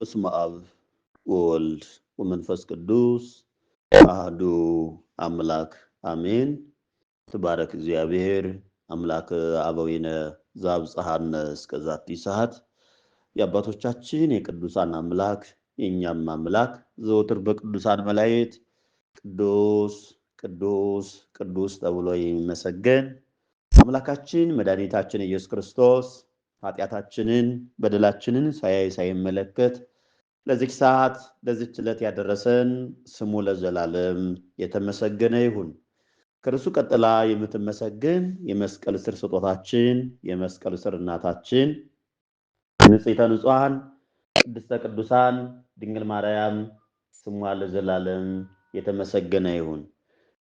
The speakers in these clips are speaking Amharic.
በስመ አብ ወወልድ ወመንፈስ ቅዱስ አህዱ አምላክ አሜን። ትባረክ እግዚአብሔር አምላክ አበዊነ ዘአብጽሐነ እስከዛቲ ሰዓት። የአባቶቻችን የቅዱሳን አምላክ የእኛም አምላክ ዘወትር በቅዱሳን መላእክት ቅዱስ ቅዱስ ቅዱስ ተብሎ የሚመሰገን አምላካችን መድኃኒታችን ኢየሱስ ክርስቶስ ኃጢአታችንን በደላችንን ሳያይ ሳይመለከት ለዚች ሰዓት ለዚች ዕለት ያደረሰን ስሙ ለዘላለም የተመሰገነ ይሁን። ከእርሱ ቀጥላ የምትመሰግን የመስቀል ስር ስጦታችን የመስቀል ስር እናታችን ንጽሕተ ንጹሐን ቅድስተ ቅዱሳን ድንግል ማርያም ስሟ ለዘላለም የተመሰገነ ይሁን።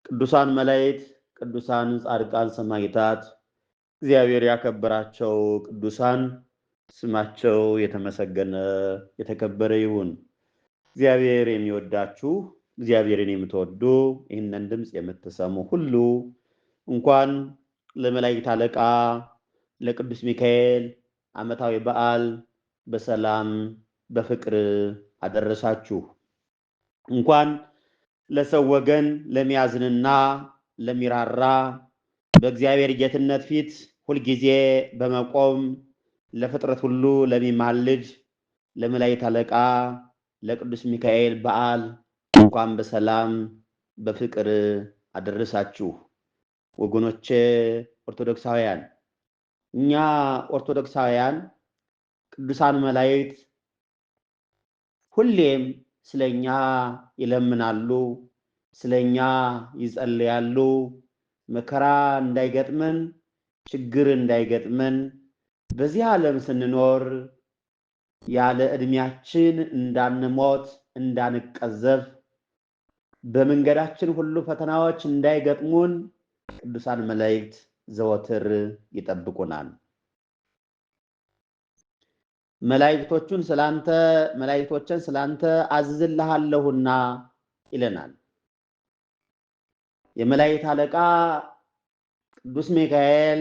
ቅዱሳን መላእክት፣ ቅዱሳን ጻድቃን፣ ሰማዕታት እግዚአብሔር ያከበራቸው ቅዱሳን ስማቸው የተመሰገነ የተከበረ ይሁን። እግዚአብሔር የሚወዳችሁ እግዚአብሔርን የምትወዱ ይህንን ድምፅ የምትሰሙ ሁሉ እንኳን ለመላእክት አለቃ ለቅዱስ ሚካኤል ዓመታዊ በዓል በሰላም በፍቅር አደረሳችሁ። እንኳን ለሰው ወገን ለሚያዝንና ለሚራራ በእግዚአብሔር ጌትነት ፊት ሁልጊዜ በመቆም ለፍጥረት ሁሉ ለሚማልድ ለመላእክት አለቃ ለቅዱስ ሚካኤል በዓል እንኳን በሰላም በፍቅር አደረሳችሁ። ወገኖቼ ኦርቶዶክሳውያን፣ እኛ ኦርቶዶክሳውያን ቅዱሳን መላእክት ሁሌም ስለኛ ይለምናሉ፣ ስለኛ ይጸልያሉ። መከራ እንዳይገጥመን ችግር እንዳይገጥመን በዚህ ዓለም ስንኖር ያለ ዕድሜያችን እንዳንሞት እንዳንቀዘፍ በመንገዳችን ሁሉ ፈተናዎች እንዳይገጥሙን ቅዱሳን መላእክት ዘወትር ይጠብቁናል። መላእክቶቹን ስላንተ መላእክቶችን ስላንተ አዝዝልሃለሁና ይለናል። የመላእክት አለቃ ቅዱስ ሚካኤል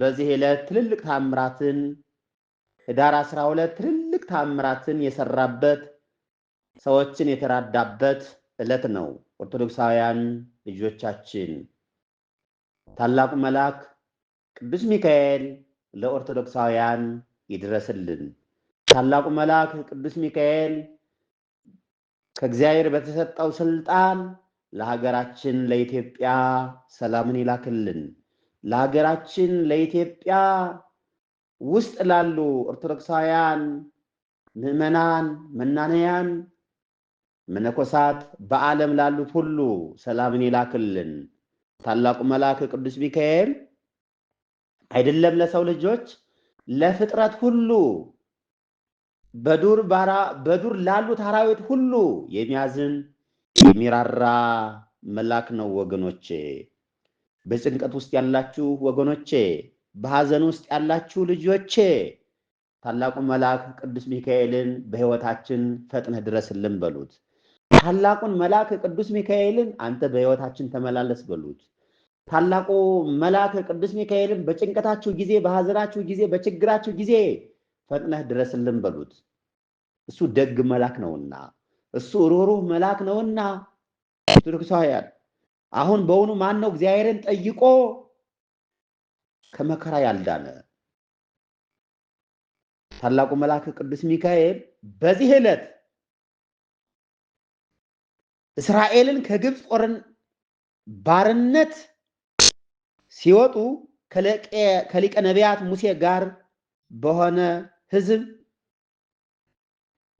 በዚህ ዕለት ትልልቅ ታምራትን ህዳር 12 ትልልቅ ታምራትን የሰራበት ሰዎችን የተራዳበት ዕለት ነው። ኦርቶዶክሳውያን ልጆቻችን ታላቁ መልአክ ቅዱስ ሚካኤል ለኦርቶዶክሳውያን ይድረስልን። ታላቁ መልአክ ቅዱስ ሚካኤል ከእግዚአብሔር በተሰጠው ስልጣን ለሀገራችን ለኢትዮጵያ ሰላምን ይላክልን። ለሀገራችን ለኢትዮጵያ ውስጥ ላሉ ኦርቶዶክሳውያን ምዕመናን፣ መናንያን፣ መነኮሳት በዓለም ላሉት ሁሉ ሰላምን ይላክልን። ታላቁ መልአክ ቅዱስ ሚካኤል አይደለም ለሰው ልጆች ለፍጥረት ሁሉ በዱር በዱር ላሉት አራዊት ሁሉ የሚያዝን የሚራራ መልአክ ነው ወገኖቼ። በጭንቀት ውስጥ ያላችሁ ወገኖቼ፣ በሐዘን ውስጥ ያላችሁ ልጆቼ ታላቁ መልአክ ቅዱስ ሚካኤልን በሕይወታችን ፈጥነህ ድረስልን በሉት። ታላቁን መልአክ ቅዱስ ሚካኤልን አንተ በሕይወታችን ተመላለስ በሉት። ታላቁ መልአክ ቅዱስ ሚካኤልን በጭንቀታችሁ ጊዜ፣ በሐዘናችሁ ጊዜ፣ በችግራችሁ ጊዜ ፈጥነህ ድረስልን በሉት። እሱ ደግ መልአክ ነውና፣ እሱ ሩህሩህ መልአክ ነውና ኦርቶዶክሳውያን አሁን በውኑ ማን ነው እግዚአብሔርን ጠይቆ ከመከራ ያልዳነ? ታላቁ መልአክ ቅዱስ ሚካኤል በዚህ ዕለት እስራኤልን ከግብፅ ጦርን ባርነት ሲወጡ ከሊቀ ነቢያት ሙሴ ጋር በሆነ ህዝብ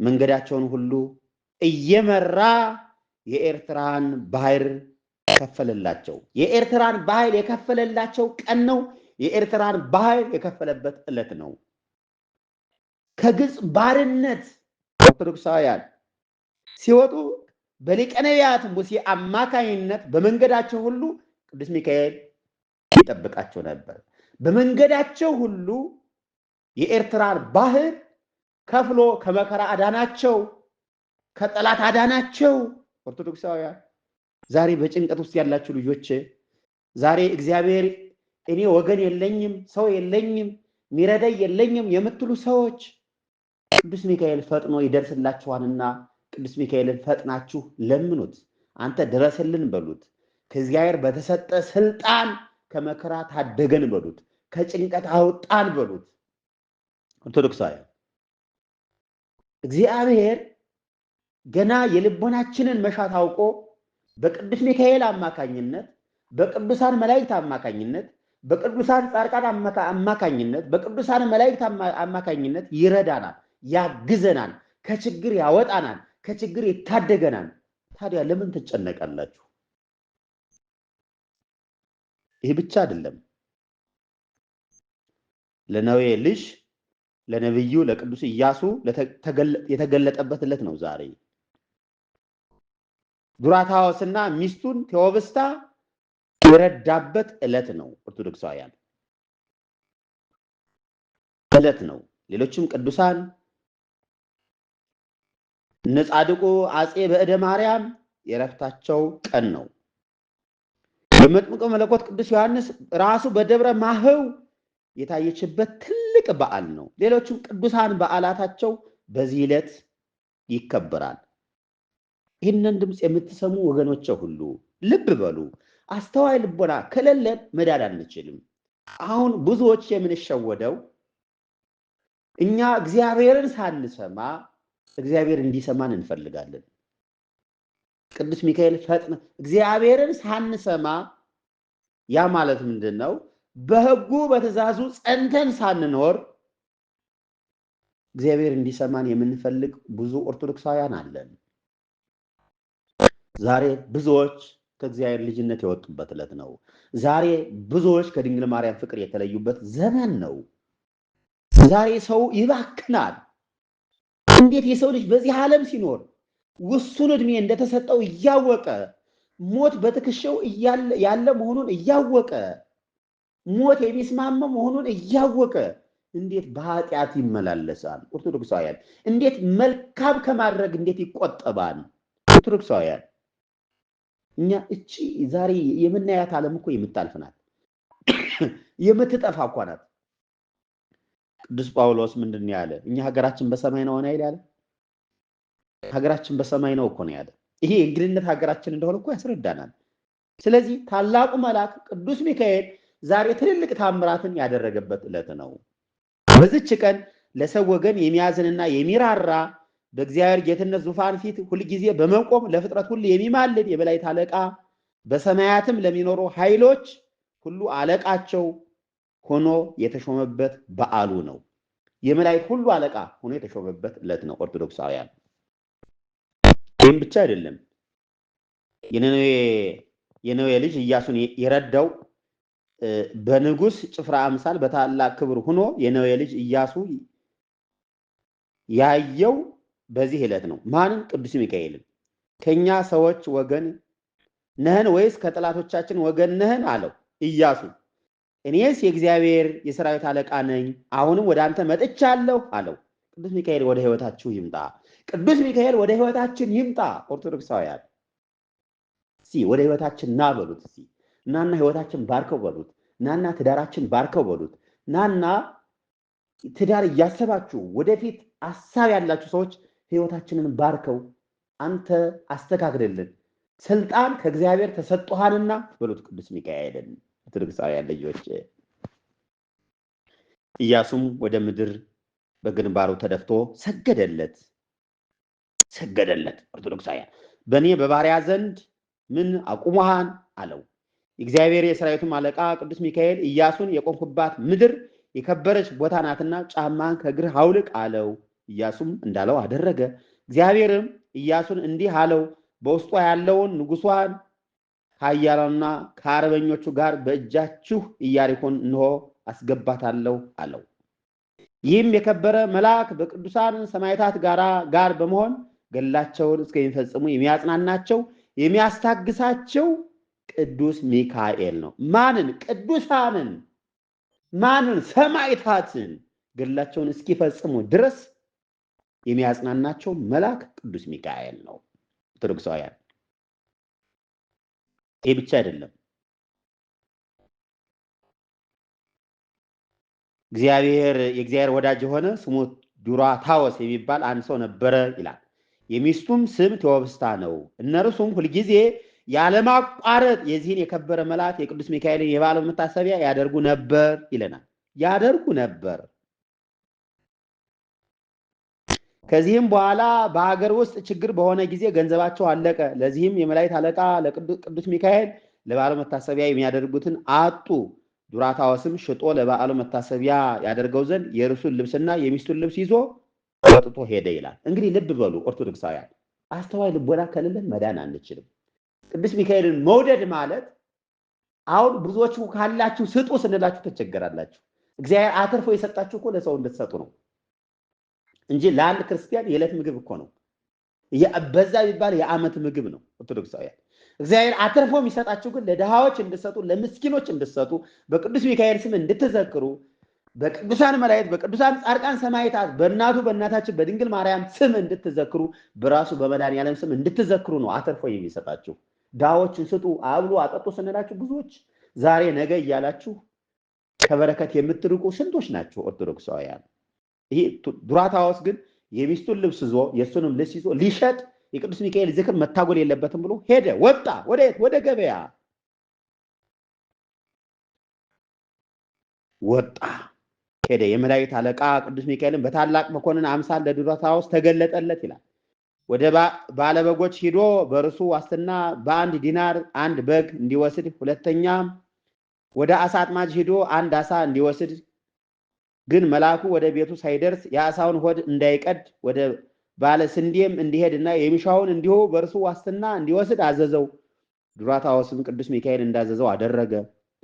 መንገዳቸውን ሁሉ እየመራ የኤርትራን ባህር የከፈለላቸው የኤርትራን በኃይል የከፈለላቸው ቀን ነው። የኤርትራን በኃይል የከፈለበት ዕለት ነው። ከግብፅ ባርነት ኦርቶዶክሳውያን ሲወጡ በሊቀነቢያት ሙሴ አማካኝነት በመንገዳቸው ሁሉ ቅዱስ ሚካኤል ይጠብቃቸው ነበር። በመንገዳቸው ሁሉ የኤርትራን ባህር ከፍሎ ከመከራ አዳናቸው፣ ከጠላት አዳናቸው። ኦርቶዶክሳውያን ዛሬ በጭንቀት ውስጥ ያላችሁ ልጆች፣ ዛሬ እግዚአብሔር እኔ ወገን የለኝም፣ ሰው የለኝም፣ ሚረዳይ የለኝም የምትሉ ሰዎች ቅዱስ ሚካኤል ፈጥኖ ይደርስላችኋልና ቅዱስ ሚካኤልን ፈጥናችሁ ለምኑት። አንተ ድረስልን በሉት። ከእግዚአብሔር በተሰጠ ስልጣን ከመከራ ታደገን በሉት። ከጭንቀት አውጣን በሉት። ኦርቶዶክሳውያን እግዚአብሔር ገና የልቦናችንን መሻት አውቆ በቅዱስ ሚካኤል አማካኝነት፣ በቅዱሳን መላእክት አማካኝነት፣ በቅዱሳን ጻድቃን አማካኝነት፣ በቅዱሳን መላእክት አማካኝነት ይረዳናል፣ ያግዘናል፣ ከችግር ያወጣናል፣ ከችግር ይታደገናል። ታዲያ ለምን ትጨነቃላችሁ? ይህ ብቻ አይደለም። ለነዌ ልጅ ለነቢዩ ለቅዱስ ኢያሱ የተገለጠበትለት ነው ዛሬ። ዱራታዎስና ሚስቱን ቴዎብስታ የረዳበት ዕለት ነው። ኦርቶዶክሳውያን ዕለት ነው። ሌሎችም ቅዱሳን እነ ጻድቁ አጼ በእደ ማርያም የረፍታቸው ቀን ነው። የመጥምቀ መለኮት ቅዱስ ዮሐንስ ራሱ በደብረ ማህው የታየችበት ትልቅ በዓል ነው። ሌሎችም ቅዱሳን በዓላታቸው በዚህ ዕለት ይከበራል። ይህንን ድምፅ የምትሰሙ ወገኖች ሁሉ ልብ በሉ። አስተዋይ ልቦና ከሌለን መዳን አንችልም። አሁን ብዙዎች የምንሸወደው እኛ እግዚአብሔርን ሳንሰማ እግዚአብሔር እንዲሰማን እንፈልጋለን። ቅዱስ ሚካኤል ፈጥነ እግዚአብሔርን ሳንሰማ ያ ማለት ምንድን ነው? በሕጉ በትእዛዙ ጸንተን ሳንኖር እግዚአብሔር እንዲሰማን የምንፈልግ ብዙ ኦርቶዶክሳውያን አለን። ዛሬ ብዙዎች ከእግዚአብሔር ልጅነት የወጡበት ዕለት ነው። ዛሬ ብዙዎች ከድንግል ማርያም ፍቅር የተለዩበት ዘመን ነው። ዛሬ ሰው ይባክናል። እንዴት የሰው ልጅ በዚህ ዓለም ሲኖር ውሱን ዕድሜ እንደተሰጠው እያወቀ ሞት በትከሻው ያለ መሆኑን እያወቀ ሞት የሚስማማ መሆኑን እያወቀ እንዴት በኃጢአት ይመላለሳል? ኦርቶዶክሳውያን እንዴት መልካም ከማድረግ እንዴት ይቆጠባል? ኦርቶዶክሳውያን እኛ እቺ ዛሬ የምናያት ዓለም እኮ የምታልፍ ናት፣ የምትጠፋ እኳ ናት። ቅዱስ ጳውሎስ ምንድን ያለ? እኛ ሀገራችን በሰማይ ነው ሆነ ያለ? ሀገራችን በሰማይ ነው እኮ ነው ያለ። ይሄ የእንግድነት ሀገራችን እንደሆነ እኮ ያስረዳናል። ስለዚህ ታላቁ መልአክ ቅዱስ ሚካኤል ዛሬ ትልልቅ ታምራትን ያደረገበት ዕለት ነው። በዚች ቀን ለሰው ወገን የሚያዝንና የሚራራ በእግዚአብሔር ጌትነት ዙፋን ፊት ሁልጊዜ በመቆም ለፍጥረት ሁሉ የሚማልድ የበላይ አለቃ በሰማያትም ለሚኖሩ ኃይሎች ሁሉ አለቃቸው ሆኖ የተሾመበት በዓሉ ነው። የመላእክት ሁሉ አለቃ ሆኖ የተሾመበት ዕለት ነው። ኦርቶዶክሳውያን ይህም ብቻ አይደለም። የነዌ ልጅ እያሱን የረዳው በንጉሥ ጭፍራ አምሳል በታላቅ ክብር ሆኖ የነዌ ልጅ እያሱ ያየው በዚህ ዕለት ነው። ማንም ቅዱስ ሚካኤል ከኛ ሰዎች ወገን ነህን ወይስ ከጠላቶቻችን ወገን ነህን አለው። እያሱ እኔስ የእግዚአብሔር የሰራዊት አለቃ ነኝ፣ አሁንም ወደ አንተ መጥቻለሁ አለው። ቅዱስ ሚካኤል ወደ ህይወታችሁ ይምጣ። ቅዱስ ሚካኤል ወደ ህይወታችን ይምጣ። ኦርቶዶክሳውያን ሲ ወደ ህይወታችን ና በሉት። ሲ ናና ህይወታችን ባርከው በሉት። ናና ትዳራችን ባርከው በሉት። ናና ትዳር እያሰባችሁ ወደፊት አሳብ ያላችሁ ሰዎች ህይወታችንን ባርከው አንተ አስተካክልልን። ስልጣን ከእግዚአብሔር ተሰጥቶሃልና በሉት ቅዱስ ሚካኤልን። ትርግሳውያን ልጆች እያሱም ወደ ምድር በግንባሩ ተደፍቶ ሰገደለት ሰገደለት። ኦርቶዶክሳውያን በእኔ በባሪያ ዘንድ ምን አቁመሃን አለው። እግዚአብሔር የሰራዊቱም አለቃ ቅዱስ ሚካኤል እያሱን የቆምኩባት ምድር የከበረች ቦታ ናትና ጫማን ከእግር አውልቅ አለው። ኢያሱም እንዳለው አደረገ። እግዚአብሔርም ኢያሱን እንዲህ አለው፣ በውስጧ ያለውን ንጉሷን ከኃያላኑና ከአርበኞቹ ጋር በእጃችሁ ኢያሪኮን እንሆ አስገባታለሁ አለው። ይህም የከበረ መልአክ በቅዱሳን ሰማዕታት ጋራ ጋር በመሆን ገላቸውን እስከሚፈጽሙ የሚያጽናናቸው የሚያስታግሳቸው ቅዱስ ሚካኤል ነው። ማንን? ቅዱሳንን። ማንን? ሰማዕታትን ገላቸውን እስኪፈጽሙ ድረስ የሚያጽናናቸው መልአክ ቅዱስ ሚካኤል ነው። ኦርቶዶክሳውያን ይህ ብቻ አይደለም። እግዚአብሔር የእግዚአብሔር ወዳጅ የሆነ ስሙ ታወስ የሚባል አንድ ሰው ነበረ ይላል። የሚስቱም ስም ቴዎብስታ ነው። እነርሱም ሁልጊዜ ያለማቋረጥ የዚህን የከበረ መልአክ የቅዱስ ሚካኤልን የበዓል መታሰቢያ ያደርጉ ነበር ይለናል። ያደርጉ ነበር ከዚህም በኋላ በሀገር ውስጥ ችግር በሆነ ጊዜ ገንዘባቸው አለቀ። ለዚህም የመላእክት አለቃ ለቅዱስ ሚካኤል ለበዓሉ መታሰቢያ የሚያደርጉትን አጡ። ዱራታዎስም ሽጦ ለበዓሉ መታሰቢያ ያደርገው ዘንድ የእርሱን ልብስና የሚስቱን ልብስ ይዞ ወጥቶ ሄደ ይላል። እንግዲህ ልብ በሉ ኦርቶዶክሳውያን፣ አስተዋይ ልቦና ከሌለን መዳን አንችልም። ቅዱስ ሚካኤልን መውደድ ማለት አሁን ብዙዎቹ ካላችሁ ስጡ ስንላችሁ ትቸገራላችሁ። እግዚአብሔር አትርፎ የሰጣችሁ እኮ ለሰው እንድትሰጡ ነው። እንጂ ለአንድ ክርስቲያን የዕለት ምግብ እኮ ነው። በዛ ቢባል የዓመት ምግብ ነው። ኦርቶዶክሳውያን እግዚአብሔር አትርፎ የሚሰጣችሁ ግን ለድሃዎች እንድሰጡ፣ ለምስኪኖች እንድሰጡ፣ በቅዱስ ሚካኤል ስም እንድትዘክሩ፣ በቅዱሳን መላእክት፣ በቅዱሳን ጻድቃን ሰማዕታት፣ በእናቱ በእናታችን በድንግል ማርያም ስም እንድትዘክሩ፣ በራሱ ያለም ስም እንድትዘክሩ ነው አትርፎ የሚሰጣችሁ። ድሃዎችን ስጡ፣ አብሉ፣ አጠጡ ስንላችሁ ብዙዎች ዛሬ ነገ እያላችሁ ከበረከት የምትርቁ ስንቶች ናቸው ኦርቶዶክሳውያን? ይሄ ዱራታዎስ ግን የሚስቱን ልብስ ዞ የእሱንም ልብስ ይዞ ሊሸጥ የቅዱስ ሚካኤል ዝክር መታጎል የለበትም ብሎ ሄደ፣ ወጣ። ወደ የት? ወደ ገበያ ወጣ፣ ሄደ። የመላእክት አለቃ ቅዱስ ሚካኤልን በታላቅ መኮንን አምሳል ለዱራታዎስ ተገለጠለት ይላል። ወደ ባለበጎች ሂዶ በእርሱ ዋስትና በአንድ ዲናር አንድ በግ እንዲወስድ፣ ሁለተኛም ወደ አሳ አጥማጅ ሂዶ አንድ አሳ እንዲወስድ ግን መልአኩ ወደ ቤቱ ሳይደርስ የአሳውን ሆድ እንዳይቀድ ወደ ባለ ስንዴም እንዲሄድና የሚሻውን እንዲሁ በእርሱ ዋስትና እንዲወስድ አዘዘው። ዱራታዎስም ቅዱስ ሚካኤል እንዳዘዘው አደረገ።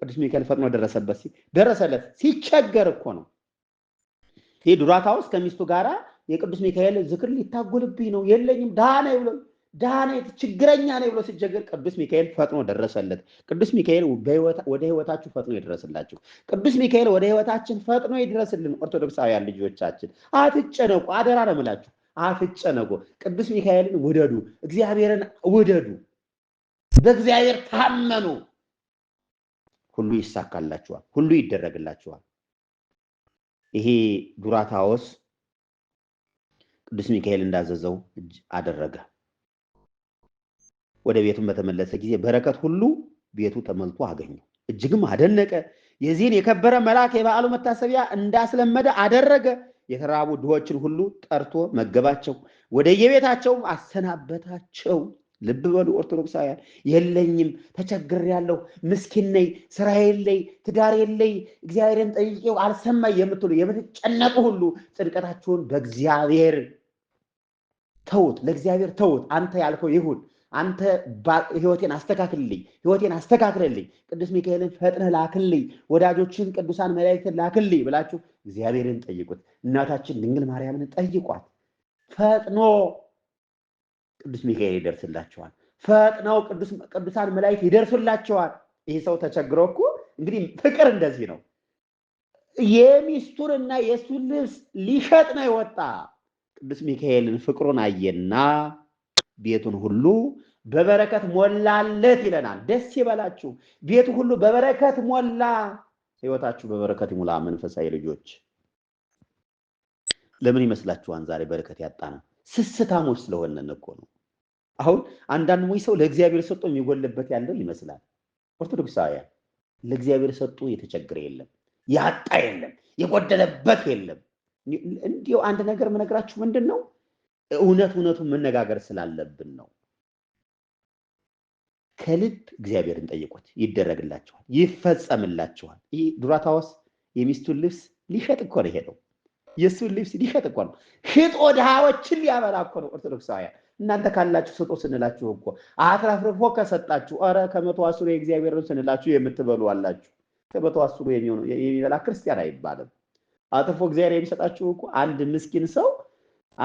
ቅዱስ ሚካኤል ፈጥኖ ደረሰበት ደረሰለት። ሲቸገር እኮ ነው ይህ ዱራታዎስ ከሚስቱ ጋራ የቅዱስ ሚካኤል ዝክር ሊታጎልብኝ ነው የለኝም ዳና ይብሎ ዳኔት ችግረኛ ነኝ ብሎ ሲቸገር ቅዱስ ሚካኤል ፈጥኖ ደረሰለት። ቅዱስ ሚካኤል ወደ ህይወታችሁ ፈጥኖ ይድረስላችሁ። ቅዱስ ሚካኤል ወደ ህይወታችን ፈጥኖ ይድረስልን። ኦርቶዶክሳውያን ልጆቻችን አትጨነቁ፣ አደራ ነው የምላችሁ። አትጨነቁ። ቅዱስ ሚካኤልን ውደዱ፣ እግዚአብሔርን ውደዱ፣ በእግዚአብሔር ታመኑ። ሁሉ ይሳካላችኋል፣ ሁሉ ይደረግላችኋል። ይሄ ዱራታዎስ ቅዱስ ሚካኤል እንዳዘዘው አደረገ። ወደ ቤቱን በተመለሰ ጊዜ በረከት ሁሉ ቤቱ ተመልቶ አገኘው። እጅግም አደነቀ። የዚህን የከበረ መልአክ የበዓሉ መታሰቢያ እንዳስለመደ አደረገ። የተራቡ ድሆችን ሁሉ ጠርቶ መገባቸው፣ ወደየቤታቸውም አሰናበታቸው። ልብ በሉ ኦርቶዶክሳውያን፣ የለኝም ተቸግር ምስኪን ነኝ፣ ስራ የለኝ፣ ትዳር የለኝ፣ እግዚአብሔርን ጠይቄው አልሰማኝ የምትሉ የምትጨነቁ ሁሉ ጭንቀታችሁን በእግዚአብሔር ተውት፣ ለእግዚአብሔር ተውት። አንተ ያልከው ይሁን አንተ ህይወቴን አስተካክልልኝ፣ ህይወቴን አስተካክልልኝ፣ ቅዱስ ሚካኤልን ፈጥነህ ላክልኝ፣ ወዳጆችን ቅዱሳን መላእክትን ላክልኝ ብላችሁ እግዚአብሔርን ጠይቁት። እናታችን ድንግል ማርያምን ጠይቋት። ፈጥኖ ቅዱስ ሚካኤል ይደርስላቸዋል። ፈጥነው ቅዱሳን መላእክት ይደርሱላቸዋል። ይህ ሰው ተቸግሮ እኮ እንግዲህ ፍቅር እንደዚህ ነው። የሚስቱን እና የእሱን ልብስ ሊሸጥ ነው የወጣ ቅዱስ ሚካኤልን ፍቅሩን አየና ቤቱን ሁሉ በበረከት ሞላለት ይለናል። ደስ ይበላችሁ፣ ቤቱ ሁሉ በበረከት ሞላ። ህይወታችሁ በበረከት ይሙላ። መንፈሳዊ ልጆች ለምን ይመስላችኋን? ዛሬ በረከት ያጣ ነው። ስስታሞች ስለሆነ እኮ ነው። አሁን አንዳንድ ሞኝ ሰው ለእግዚአብሔር ሰጦ የሚጎልበት ያለው ይመስላል። ኦርቶዶክሳውያን ለእግዚአብሔር ሰጡ የተቸገረ የለም፣ ያጣ የለም፣ የጎደለበት የለም። እንዲሁ አንድ ነገር የምነግራችሁ ምንድን ነው እውነት እውነቱን መነጋገር ስላለብን ነው። ከልብ እግዚአብሔርን ጠይቁት፣ ይደረግላችኋል፣ ይፈጸምላችኋል። ይህ ዱራታዎስ የሚስቱን ልብስ ሊሸጥ እኮ ነው የሄደው። የእሱን ልብስ ሊሸጥ እኮ ነው፣ ሽጦ ድሃዎችን ሊያበላ እኮ ነው። ኦርቶዶክሳውያን እናንተ ካላችሁ ስጦ ስንላችሁ እኮ አትረፍርፎ ከሰጣችሁ፣ ኧረ ከመቶ አስሩ የእግዚአብሔር ስንላችሁ የምትበሉ አላችሁ። ከመቶ አስሩ የሚበላ ክርስቲያን አይባልም። አጥፎ እግዚአብሔር የሚሰጣችሁ እኮ አንድ ምስኪን ሰው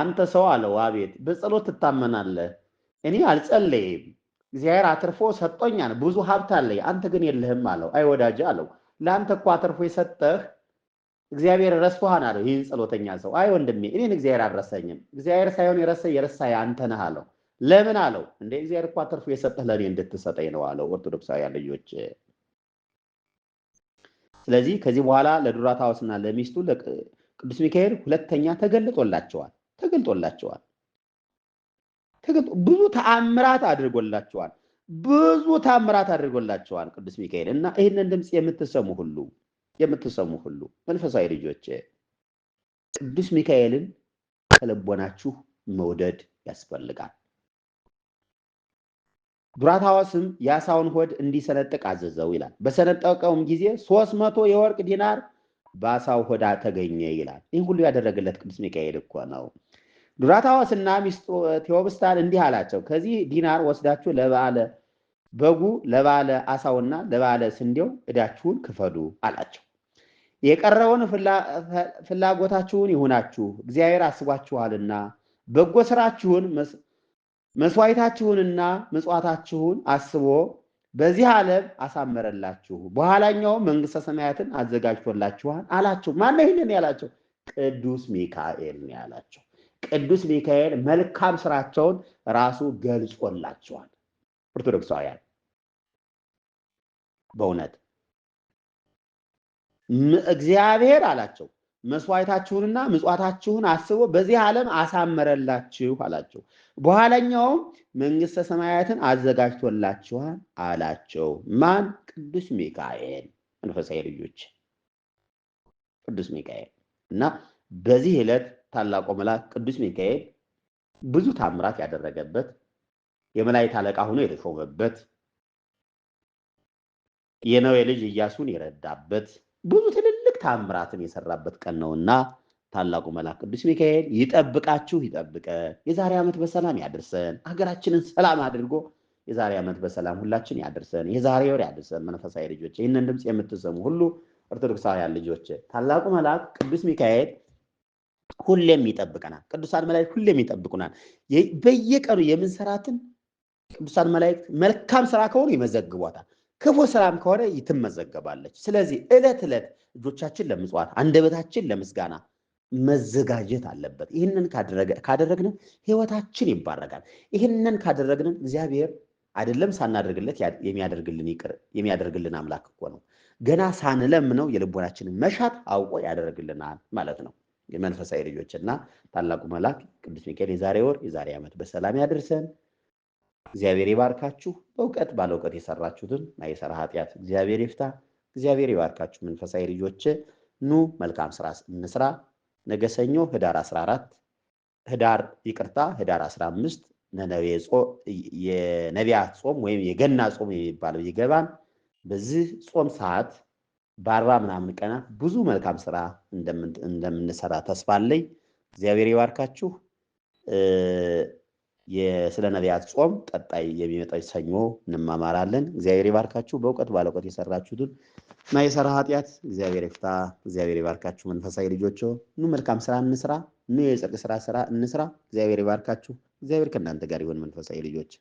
አንተ ሰው አለው አቤት፣ በጸሎት ትታመናለህ። እኔ አልጸለይም፣ እግዚአብሔር አትርፎ ሰጦኛል፣ ብዙ ሀብት አለኝ፣ አንተ ግን የለህም አለው። አይ ወዳጅ አለው፣ ለአንተ እኮ አትርፎ የሰጠህ እግዚአብሔር ረስቶሃን አለው። ይህን ጸሎተኛ ሰው አይ ወንድሜ፣ እኔን እግዚአብሔር አልረሰኝም እግዚአብሔር ሳይሆን የረሳ የረሳ አንተ ነህ አለው። ለምን አለው፣ እንደ እግዚአብሔር እኮ አትርፎ የሰጠህ ለእኔ እንድትሰጠኝ ነው አለው። ኦርቶዶክሳውያን ልጆች ስለዚህ ከዚህ በኋላ ለዱራታዎስና ለሚስቱ ቅዱስ ሚካኤል ሁለተኛ ተገልጦላቸዋል። ተገልጦላቸዋል። ብዙ ተአምራት አድርጎላቸዋል። ብዙ ተአምራት አድርጎላቸዋል ቅዱስ ሚካኤል እና ይህንን ድምፅ የምትሰሙ ሁሉ የምትሰሙ ሁሉ መንፈሳዊ ልጆች ቅዱስ ሚካኤልን ከልቦናችሁ መውደድ ያስፈልጋል። ዱራታዋስም የአሳውን ሆድ እንዲሰነጥቅ አዘዘው ይላል። በሰነጠቀውም ጊዜ ሶስት መቶ የወርቅ ዲናር በአሳው ሆዳ ተገኘ ይላል። ይህ ሁሉ ያደረገለት ቅዱስ ሚካኤል እኮ ነው። ዱራታዎስና ሚስጦ ቴዎብስታን እንዲህ አላቸው፣ ከዚህ ዲናር ወስዳችሁ ለባለ በጉ ለባለ አሳውና ለባለ ስንዴው እዳችሁን ክፈሉ አላቸው። የቀረውን ፍላጎታችሁን ይሁናችሁ፣ እግዚአብሔር አስቧችኋልና በጎ ስራችሁን መስዋዕታችሁንና ምጽዋታችሁን አስቦ በዚህ ዓለም አሳመረላችሁ፣ በኋላኛው መንግስተ ሰማያትን አዘጋጅቶላችኋል አላቸው። ማነው ይህንን ያላቸው? ቅዱስ ሚካኤል ያላቸው። ቅዱስ ሚካኤል መልካም ስራቸውን ራሱ ገልጾላቸዋል። ኦርቶዶክሳውያን በእውነት እግዚአብሔር አላቸው መስዋዕታችሁንና ምጽዋታችሁን አስቦ በዚህ ዓለም አሳመረላችሁ አላቸው። በኋለኛውም መንግሥተ ሰማያትን አዘጋጅቶላችኋል አላቸው። ማን? ቅዱስ ሚካኤል። መንፈሳዊ ልጆች ቅዱስ ሚካኤል እና በዚህ ዕለት ታላቁ መልአክ ቅዱስ ሚካኤል ብዙ ታምራት ያደረገበት የመላእክት አለቃ ሆኖ የተሾመበት የነዌ ልጅ ኢያሱን የረዳበት ብዙ ትልልቅ ታምራትን የሰራበት ቀን ነውና ታላቁ መልአክ ቅዱስ ሚካኤል ይጠብቃችሁ፣ ይጠብቀን፣ የዛሬ ዓመት በሰላም ያደርሰን፣ ሀገራችንን ሰላም አድርጎ የዛሬ ዓመት በሰላም ሁላችን ያደርሰን፣ የዛሬ ወር ያደርሰን። መንፈሳዊ ልጆች፣ ይህንን ድምፅ የምትሰሙ ሁሉ ኦርቶዶክሳውያን ልጆች ታላቁ መልአክ ቅዱስ ሚካኤል ሁሌም ይጠብቀናል። ቅዱሳን መላእክት ሁሌም ይጠብቁናል። በየቀኑ የምንሰራትን ቅዱሳን መላእክት መልካም ስራ ከሆኑ ይመዘግቧታል፣ ክፉ ስራም ከሆነ ትመዘገባለች። ስለዚህ ዕለት ዕለት እጆቻችን ለምጽዋት አንደበታችን ለምስጋና መዘጋጀት አለበት። ይህንን ካደረግን ህይወታችን ይባረጋል። ይህንን ካደረግን እግዚአብሔር አይደለም ሳናደርግለት የሚያደርግልን ይቅር የሚያደርግልን አምላክ እኮ ነው። ገና ሳንለምነው የልቦናችንን መሻት አውቆ ያደርግልናል ማለት ነው። መንፈሳዊ ልጆች እና ታላቁ መልአክ ቅዱስ ሚካኤል የዛሬ ወር የዛሬ ዓመት በሰላም ያድርሰን። እግዚአብሔር ይባርካችሁ። በእውቀት ባለ እውቀት የሰራችሁትን የሰራ ኃጢአት እግዚአብሔር ይፍታ። እግዚአብሔር ይባርካችሁ። መንፈሳዊ ልጆች ኑ መልካም ስራ እንስራ። ነገ ሰኞ ህዳር 14 ህዳር ይቅርታ ህዳር 15 የነቢያት ጾም ወይም የገና ጾም የሚባለው ይገባን። በዚህ ጾም ሰዓት በአርባ ምናምን ቀናት ብዙ መልካም ስራ እንደምንሰራ ተስፋ አለኝ። እግዚአብሔር ይባርካችሁ። ስለ ነቢያት ጾም ቀጣይ የሚመጣው ሰኞ እንማማራለን። እግዚአብሔር ይባርካችሁ። በእውቀት ባለእውቀት የሰራችሁትን እና የሰራ ኃጢአት እግዚአብሔር ይፍታ። እግዚአብሔር ይባርካችሁ። መንፈሳዊ ልጆች ኑ መልካም ስራ እንስራ፣ ኑ የጽድቅ ስራ ስራ እንስራ። እግዚአብሔር ይባርካችሁ። እግዚአብሔር ከእናንተ ጋር ይሁን። መንፈሳዊ ልጆች